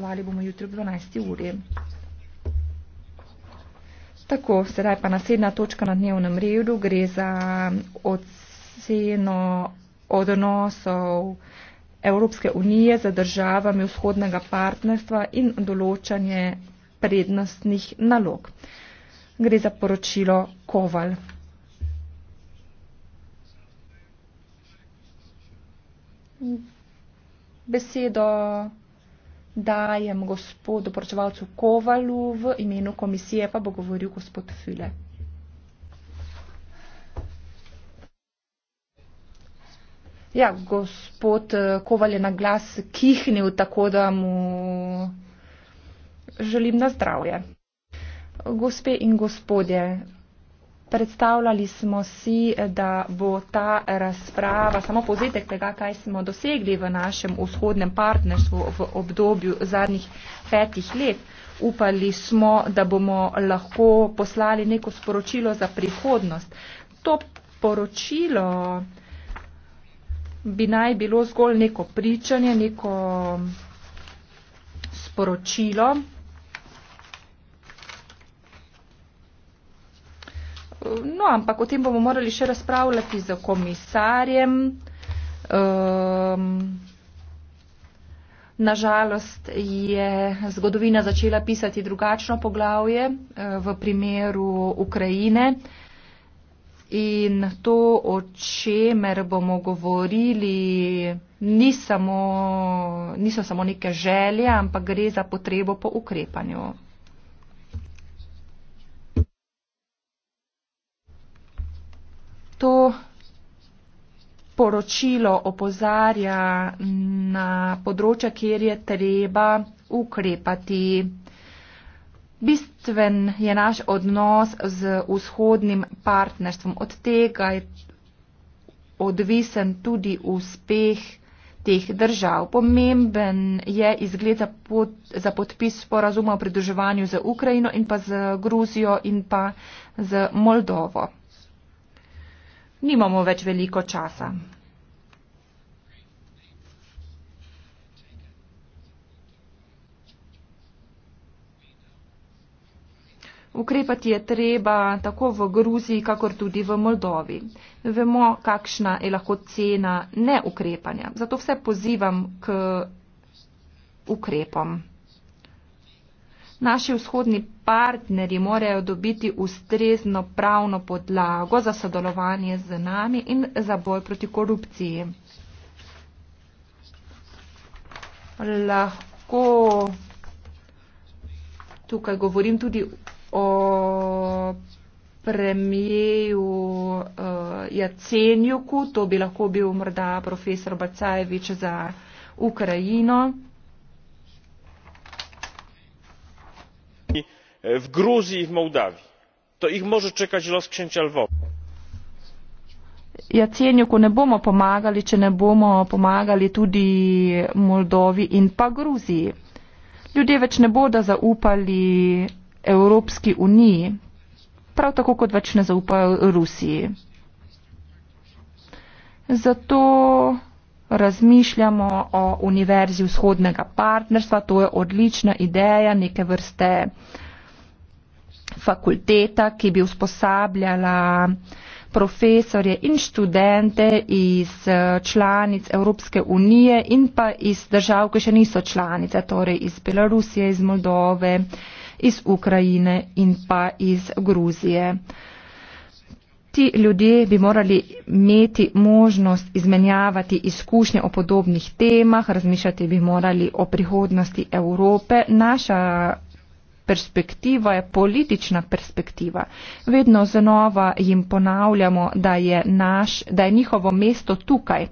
Glasovali bomo jutri ob 12. uri. Tako, sedaj pa naslednja točka na dnevnem redu gre za oceno odnosov Evropske unije za državami vzhodnega partnerstva in določanje prednostnih nalog. Gre za poročilo Koval. Besedo dajem gospodu poročevalcu Kovalu v imenu komisije, pa bo govoril gospod File. Ja, gospod eh, Koval je na glas kihnil, tako da mu želim na zdravje. Gospe in gospodje, Predstavljali smo si, da bo ta razprava samo povzetek tega, kaj smo dosegli v našem vzhodnem partnerstvu v obdobju zadnjih petih let. Upali smo, da bomo lahko poslali neko sporočilo za prihodnost. To poročilo bi naj bilo zgolj neko pričanje, neko sporočilo, No, ampak o tem bomo morali še razpravljati z komisarjem. Um, ehm, nažalost je zgodovina začela pisati drugačno poglavje eh, v primeru Ukrajine. In to, o čemer bomo govorili, ni samo, niso samo neke želje, ampak gre za potrebo po ukrepanju. to poročilo opozarja na področja, kjer je treba ukrepati. Bistven je naš odnos z vzhodnim partnerstvom. Od tega je odvisen tudi uspeh teh držav. Pomemben je izgled za, pod, za podpis sporazuma o pridruževanju z Ukrajino in pa z Gruzijo in pa z Moldovo. Nimamo več veliko časa. Ukrepati je treba tako v Gruziji, kakor tudi v Moldovi. Vemo, kakšna je lahko cena neukrepanja. Zato vse pozivam k ukrepom. Naši vzhodni partnerji morajo dobiti ustrezno pravno podlago za sodelovanje z nami in za boj proti korupciji. Lahko tukaj govorim tudi o premijeju uh, eh, Jacenjuku, to bi lahko bil morda profesor Bacajevič za Ukrajino. E, w gruzji i w mołdawii to ich może czekać los księcia lwowa. Jaz cenim, ko ne bomo pomagali, če ne bomo pomagali tudi Moldovi in pa Gruziji. Ljudje več ne bodo zaupali Evropski uniji, prav tako kot več ne zaupajo Rusiji. Zato razmišljamo o Univerzi vzhodnega partnerstva, to je odlična ideja neke vrste. Uh, fakulteta, ki bi usposabljala profesorje in študente iz eh, članic Evropske unije in pa iz držav, ki še niso članice, torej iz Belorusije, iz Moldove, iz Ukrajine in pa iz Gruzije. Ti ljudje bi morali imeti možnost izmenjavati izkušnje o podobnih temah, razmišljati bi morali o prihodnosti Evrope. Naša perspektiva je politična perspektiva. Vedno znova jim ponavljamo, da je, naš, da je njihovo mesto tukaj.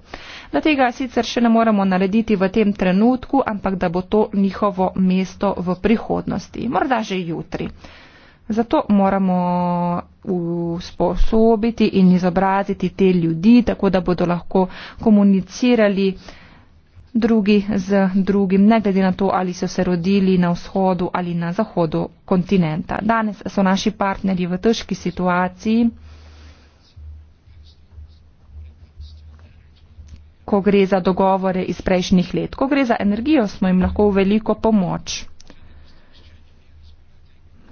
Da tega sicer še ne moremo narediti v tem trenutku, ampak da bo to njihovo mesto v prihodnosti, morda že jutri. Zato moramo usposobiti in izobraziti te ljudi, tako da bodo lahko komunicirali drugi z drugim, ne glede na to, ali so se rodili na vzhodu ali na zahodu kontinenta. Danes so naši partnerji v težki situaciji, ko gre za dogovore iz prejšnjih let. Ko gre za energijo, smo jim lahko v veliko pomoč.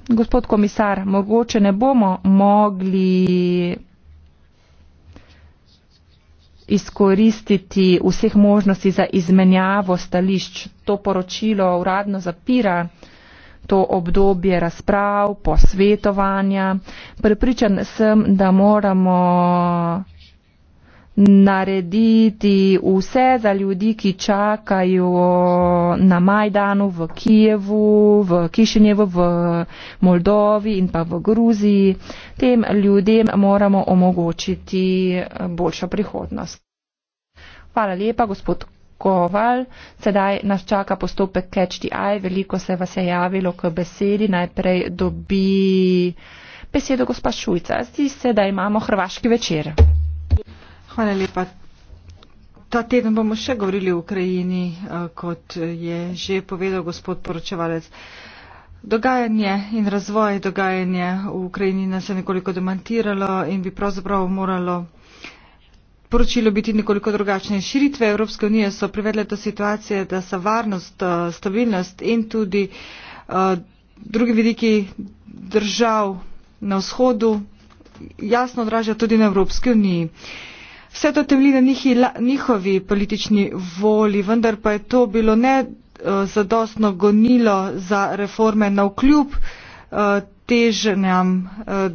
Gospod komisar, mogoče ne bomo mogli izkoristiti vseh možnosti za izmenjavo stališč. To poročilo uradno zapira to obdobje razprav, posvetovanja. Prepričan sem, da moramo narediti vse za ljudi, ki čakajo na Majdanu v Kijevu, v Kišinjevu, v Moldovi in pa v Gruziji. Tem ljudem moramo omogočiti boljšo prihodnost. Hvala lepa, gospod Koval. Sedaj nas čaka postopek Catch the Eye. Veliko se vas je javilo k besedi. Najprej dobi besedo gospa Šujca. Zdi se, da imamo hrvaški večer. Hvala lepa. Ta teden bomo še govorili o Ukrajini, eh, kot je že povedal gospod poročevalec. Dogajanje in razvoj dogajanja v Ukrajini nas je nekoliko demantiralo in bi pravzaprav moralo poročilo biti nekoliko drugačne. Širitve Evropske unije so privedle do situacije, da so varnost, eh, stabilnost in tudi eh, drugi vidiki držav na vzhodu jasno odražajo tudi na Evropske unije. Vse to temelji na njihi, njihovi politični voli, vendar pa je to bilo ne uh, zadostno gonilo za reforme na vkljub uh, teženjam uh,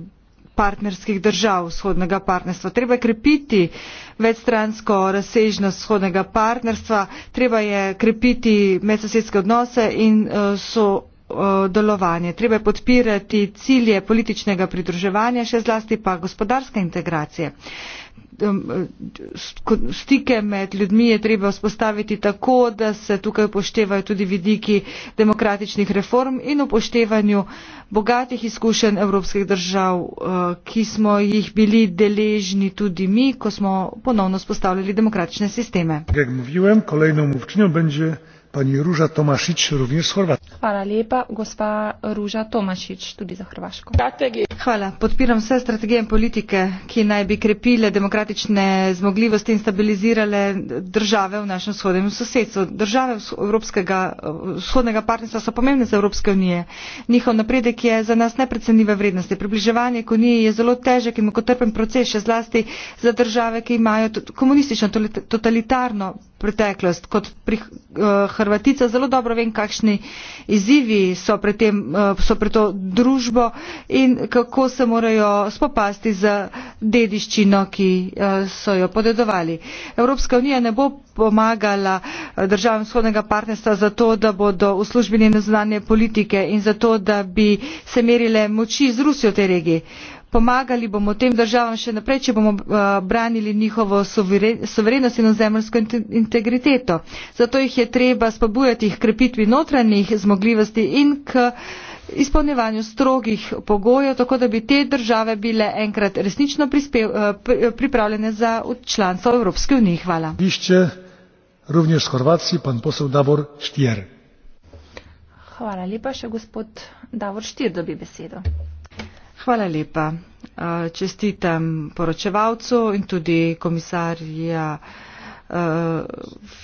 partnerskih držav vzhodnega partnerstva. Treba je krepiti večstransko razsežnost vzhodnega partnerstva, treba je krepiti medsosedske odnose in uh, so delovanje. Treba je podpirati cilje političnega pridruževanja, še zlasti pa gospodarske integracije. Uh, stike med ljudmi je treba vzpostaviti tako, da se tukaj upoštevajo tudi vidiki demokratičnih reform in upoštevanju bogatih izkušenj evropskih držav, eh, ki smo jih bili deležni tudi mi, ko smo ponovno spostavljali demokratične sisteme. Kaj mluvim, kolejno mluvčinjo bo pani Ruža Tomašič, tudi iz Hrvatske. Hvala lepa, gospa Ruža Tomašič, tudi za Hrvaško. Hvala. Podpiram vse strategije in politike, ki naj bi krepile demokratične zmogljivosti in stabilizirale države v našem vzhodnem sosedstvu. Države Evropskega vzhodnega partnerstva so pomembne za Evropske unije. Njihov napredek je za nas neprecenljive vrednosti. Približevanje k uniji je zelo težek in mukotrpen proces, še zlasti za države, ki imajo komunistično totalitarno preteklost. Kot pri, uh, eh, Hrvatica zelo dobro vem, kakšni izzivi so pred, tem, uh, so pred to družbo in kako se morajo spopasti z dediščino, ki uh, so jo podedovali. Evropska unija ne bo pomagala državam vzhodnega partnerstva za to, da bodo uslužbeni na zunanje politike in za to, da bi se merile moči z Rusijo v tej regiji pomagali bomo tem državam še naprej, če bomo eh, branili njihovo soverenost in ozemljsko integriteto. Zato jih je treba spodbujati k krepitvi notranjih zmogljivosti in k izpolnjevanju strogih pogojev, tako da bi te države bile enkrat resnično prispev, eh, pripravljene za članstvo Evropske unije. Hvala. Bišče, rovnež Horvaciji, pan posel Davor Štjer. Hvala lepa še gospod Davor Štir dobi besedo. Hvala lepa. Eh, čestitam poročevalcu in tudi komisarja eh,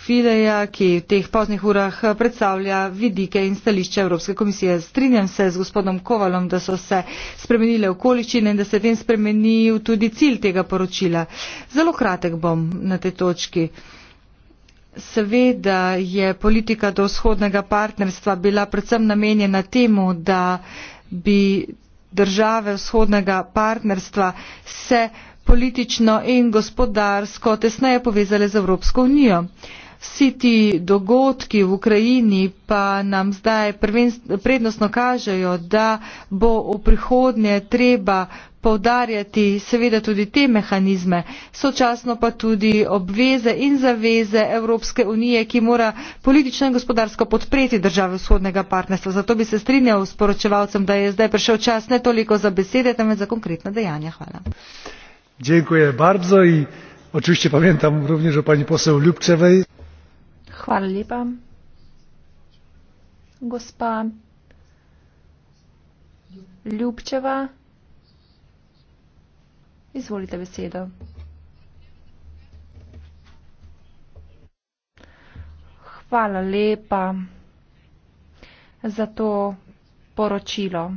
Fideja, ki v teh poznih urah predstavlja vidike in stališče Evropske komisije. Strinjam se z gospodom Kovalom, da so se spremenile okoličine in da se tem spremenil tudi cilj tega poročila. Zelo kratek bom na tej točki. Seveda je politika do vzhodnega partnerstva bila predvsem namenjena temu, da bi države vzhodnega partnerstva se politično in gospodarsko tesneje povezale z evropsko unijo vsi ti dogodki v Ukrajini pa nam zdaj prednostno kažejo, da bo v prihodnje treba povdarjati seveda tudi te mehanizme, sočasno pa tudi obveze in zaveze Evropske unije, ki mora politično in gospodarsko podpreti države vzhodnega partnerstva. Zato bi se strinjal s poročevalcem, da je zdaj prišel čas ne toliko za besede, temveč za konkretna dejanja. Hvala. Dziękuję bardzo i oczywiście pamiętam również o pani poseł Lubczewej. Hvala lepa. Gospa Ljubčeva, izvolite besedo. Hvala lepa za to poročilo.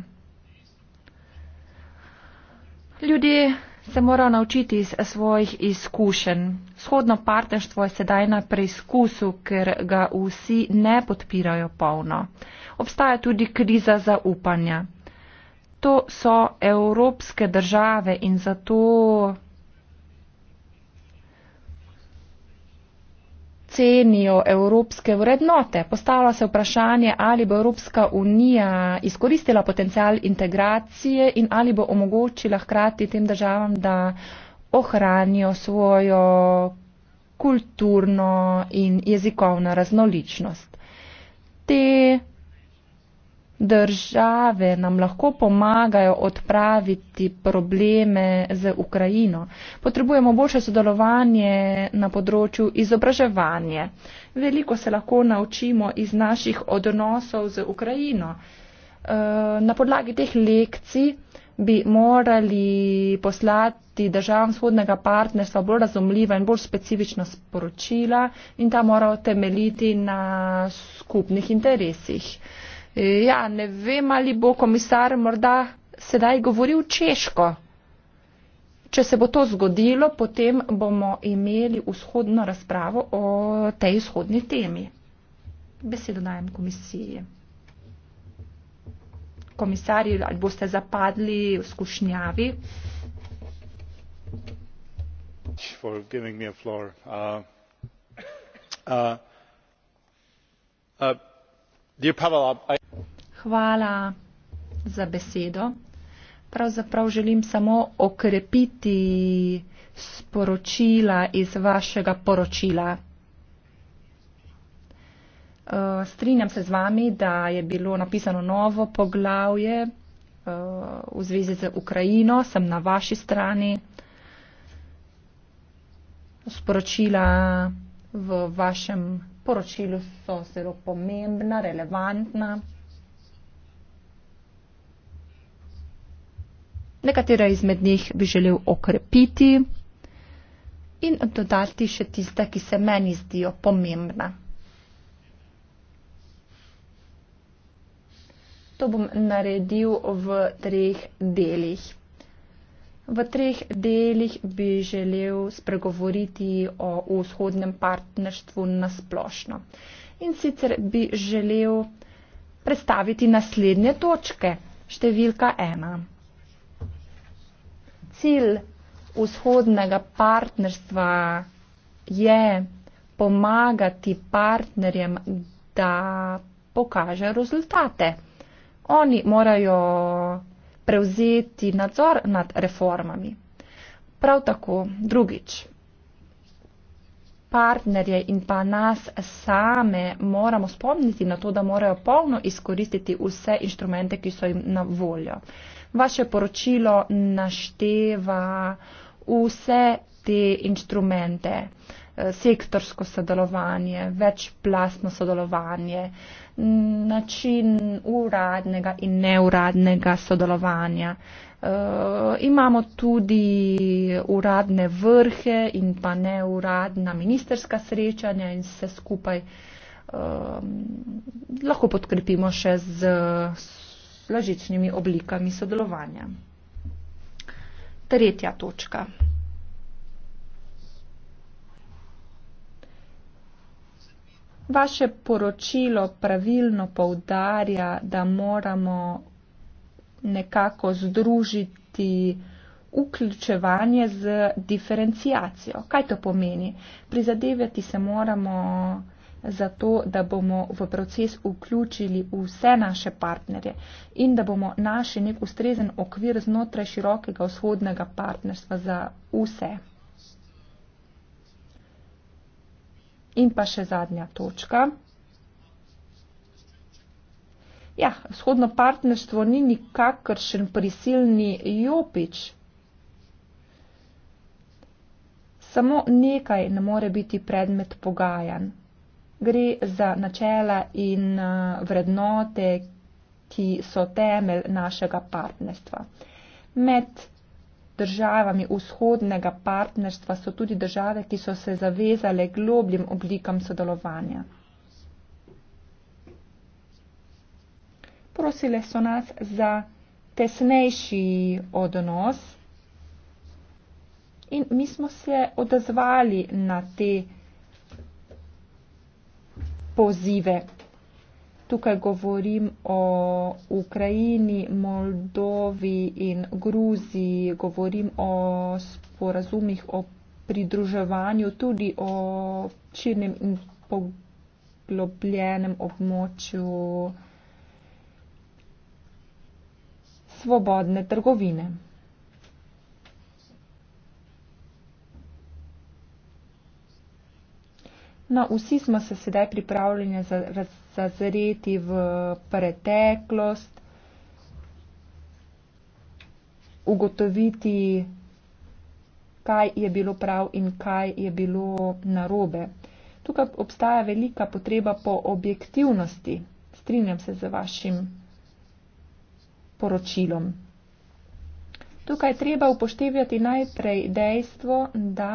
Ljudje se moral naučiti iz svojih izkušenj. Vzhodno partnerstvo je sedaj na preizkusu, ker ga vsi ne podpirajo polno. Obstaja tudi kriza zaupanja. To so evropske države in zato cenijo evropske vrednote. Postavlja se vprašanje, ali bo Evropska unija izkoristila potencial integracije in ali bo omogočila hkrati tem državam, da ohranijo svojo kulturno in jezikovno raznoličnost. Te države nam lahko pomagajo odpraviti probleme z Ukrajino. Potrebujemo boljše sodelovanje na področju izobraževanja. Veliko se lahko naučimo iz naših odnosov z Ukrajino. Eh, na podlagi teh lekcij bi morali poslati državam vzhodnega partnerstva bolj razumljiva in bolj specifična sporočila in ta mora temeljiti na skupnih interesih. Ja, ne vem, ali bo komisar morda sedaj govoril češko. Če se bo to zgodilo, potem bomo imeli vzhodno razpravo o tej vzhodni temi. Besedo dajem komisiji. Komisarji, ali boste zapadli v skušnjavi? For giving me a floor. Uh, uh, uh, Hvala za besedo. Pravzaprav želim samo okrepiti sporočila iz vašega poročila. Uh, strinjam se z vami, da je bilo napisano novo poglavje uh, v zvezi z Ukrajino, sem na vaši strani. Sporočila v vašem poročila so zelo pomembna, relevantna. Nekatera izmed njih bi želel okrepiti in dodati še tiste, ki se meni zdijo pomembna. To bom naredil v treh delih. V treh delih bi želel spregovoriti o vzhodnem partnerstvu na splošno. In sicer bi želel predstaviti naslednje točke. Številka ena. Cilj vzhodnega partnerstva je pomagati partnerjem, da pokaže rezultate. Oni morajo prevzeti nadzor nad reformami. Prav tako drugič. Partnerje in pa nas same moramo spomniti na to, da morajo polno izkoristiti vse inštrumente, ki so jim na voljo. Vaše poročilo našteva vse te inštrumente, eh, sektorsko sodelovanje, večplastno sodelovanje, način uradnega in neuradnega sodelovanja. E, imamo tudi uradne vrhe in pa neuradna ministerska srečanja in se skupaj e, lahko podkrepimo še z lažičnimi oblikami sodelovanja. Tretja točka. Vaše poročilo pravilno povdarja, da moramo nekako združiti vključevanje z diferencijacijo. Kaj to pomeni? Prizadevati se moramo za to, da bomo v proces vključili vse naše partnerje in da bomo našli nek ustrezen okvir znotraj širokega vzhodnega partnerstva za vse. In pa še zadnja točka. Ja, vzhodno partnerstvo ni nikakršen prisilni jopič. Samo nekaj ne more biti predmet pogajanj. Gre za načela in eh, vrednote, ki so temelj našega partnerstva. Med državami vzhodnega partnerstva so tudi države, ki so se zavezale globljim oblikam sodelovanja. Prosile so nas za tesnejši odnos in mi smo se odazvali na te pozive. Tukaj govorim o Ukrajini, Moldovi in Gruziji, govorim o sporazumih o pridruževanju, tudi o širnem in poglobljenem območju svobodne trgovine. No, vsi smo se sedaj pripravljeni zazreti v preteklost, ugotoviti, kaj je bilo prav in kaj je bilo narobe. Tukaj obstaja velika potreba po objektivnosti. Strinjam se z vašim poročilom. Tukaj treba upoštevati najprej dejstvo, da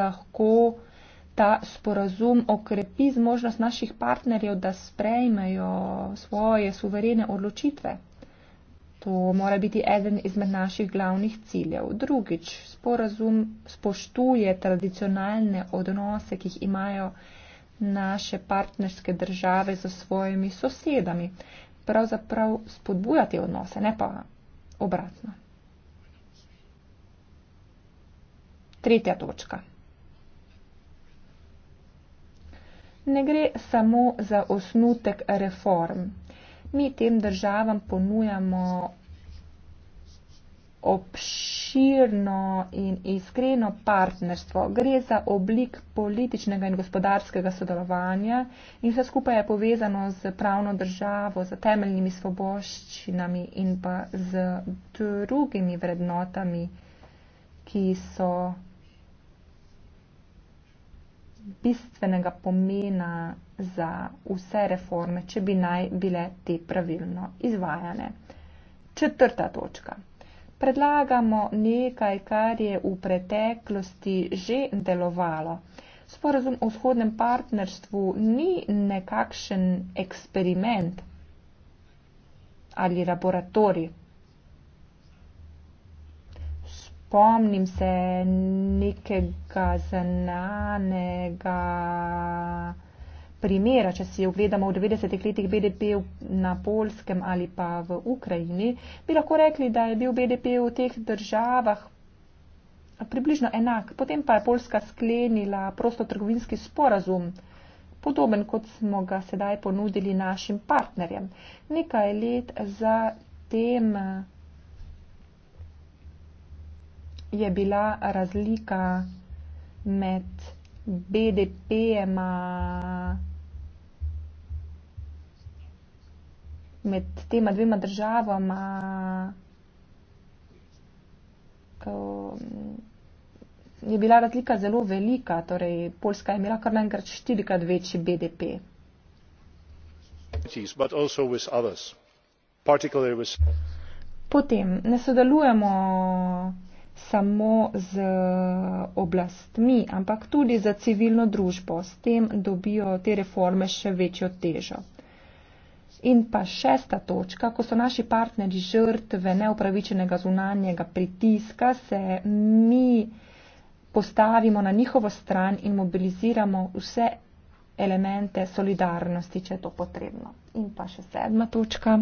lahko ta sporazum okrepi zmožnost naših partnerjev, da sprejmejo svoje suverene odločitve. To mora biti eden izmed naših glavnih ciljev. Drugič, sporazum spoštuje tradicionalne odnose, ki jih imajo naše partnerske države z svojimi sosedami. Pravzaprav spodbuja te odnose, ne pa obratno. Tretja točka. ne gre samo za osnutek reform. Mi tem državam ponujamo obširno in iskreno partnerstvo. Gre za oblik političnega in gospodarskega sodelovanja in vse skupaj je povezano z pravno državo, z temeljnimi svoboščinami in pa z drugimi vrednotami, ki so bistvenega pomena za vse reforme, če bi naj bile te pravilno izvajane. Četrta točka. Predlagamo nekaj, kar je v preteklosti že delovalo. Sporazum o vzhodnem partnerstvu ni nekakšen eksperiment ali laboratorij, spomnim se nekega znanega primera, če si ogledamo v 90-ih letih BDP na Polskem ali pa v Ukrajini, bi lahko rekli, da je bil BDP v teh državah približno enak. Potem pa je Polska sklenila prostotrgovinski sporazum, podoben kot smo ga sedaj ponudili našim partnerjem. Nekaj let za tem je bila razlika med BDP-ema, med tema dvema državama mm, je bila razlika zelo velika, torej Poljska je imela kar naenkrat štirikrat večji BDP. Potem ne sodelujemo samo z eh, oblastmi, ampak tudi za civilno družbo. S tem dobijo te reforme še večjo težo. In pa šesta točka, ko so naši partneri žrtve neupravičenega zunanjega pritiska, se mi postavimo na njihovo stran in mobiliziramo vse elemente solidarnosti, če je to potrebno. In pa še sedma točka.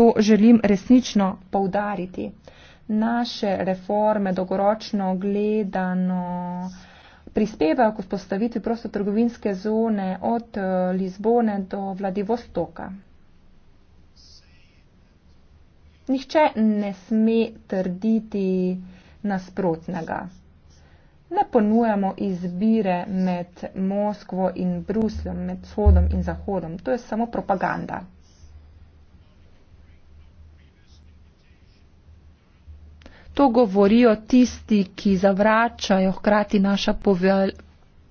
to želim resnično poudariti. Naše reforme dolgoročno gledano prispevajo k vzpostavitvi prostotrgovinske zone od eh, Lizbone do Vladivostoka. Nihče ne sme trditi nasprotnega. Ne ponujamo izbire med Moskvo in Brusljem, med vzhodom in zahodom. To je samo propaganda. to govorijo tisti, ki zavračajo hkrati naša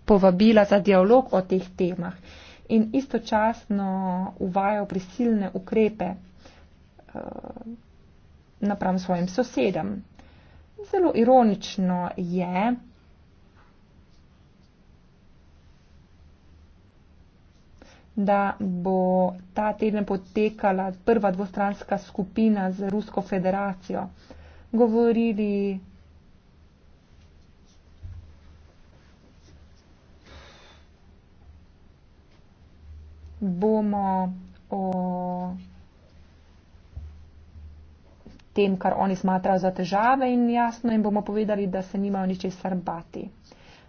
povabila za dialog o teh temah in istočasno uvajajo prisilne ukrepe eh, napram svojim sosedam. Zelo ironično je, da bo ta teden potekala prva dvostranska skupina z Rusko federacijo govorili. bomo o tem, kar oni smatrajo za težave in jasno jim bomo povedali, da se nimajo ničesar bati.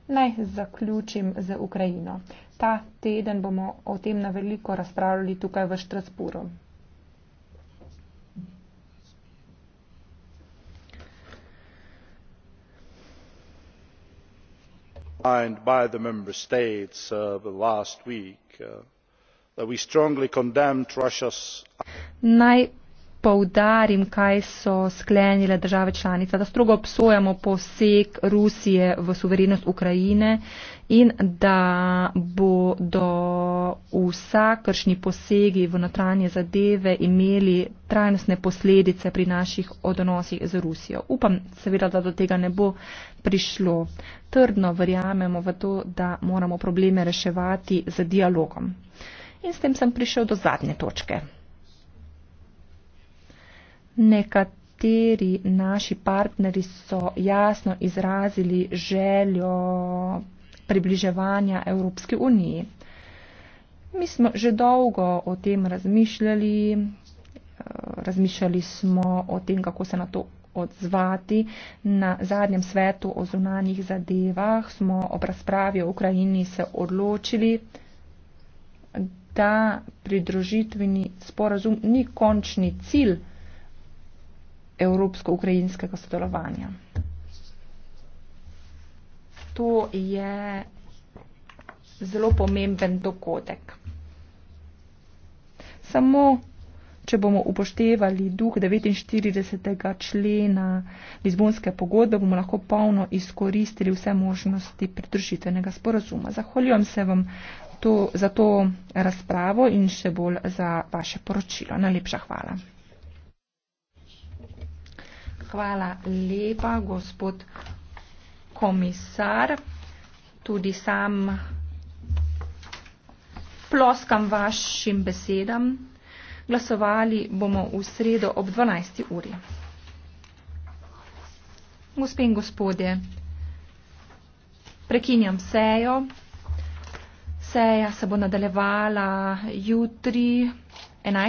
Naj zaključim z Ukrajino. Ta teden bomo o tem na veliko razpravljali tukaj v Štrasburu. signed by the member states uh, last week uh, that we strongly condemned russia's poudarim, kaj so sklenile države članice, da strogo obsojamo poseg Rusije v suverenost Ukrajine in da bodo vsakršni posegi v notranje zadeve imeli trajnostne posledice pri naših odnosih z Rusijo. Upam seveda, da do tega ne bo prišlo. Trdno verjamemo v to, da moramo probleme reševati z dialogom. In s tem sem prišel do zadnje točke. Nekateri naši partneri so jasno izrazili željo približevanja Evropski uniji. Mi smo že dolgo o tem razmišljali, eh, razmišljali smo o tem, kako se na to odzvati. Na zadnjem svetu o zunanjih zadevah smo ob razpravi o Ukrajini se odločili, da pridružitveni sporazum ni končni cilj evropsko-ukrajinskega sodelovanja. To je zelo pomemben dogodek. Samo, če bomo upoštevali duh 49. člena Lizbonske pogodbe, bomo lahko polno izkoristili vse možnosti pridružitvenega sporazuma. Zahvaljujem se vam to, za to razpravo in še bolj za vaše poročilo. Najlepša hvala hvala lepa, gospod komisar. Tudi sam ploskam vašim besedam. Glasovali bomo v sredo ob 12. uri. Gospe in gospodje, prekinjam sejo. Seja se bo nadaljevala jutri 11.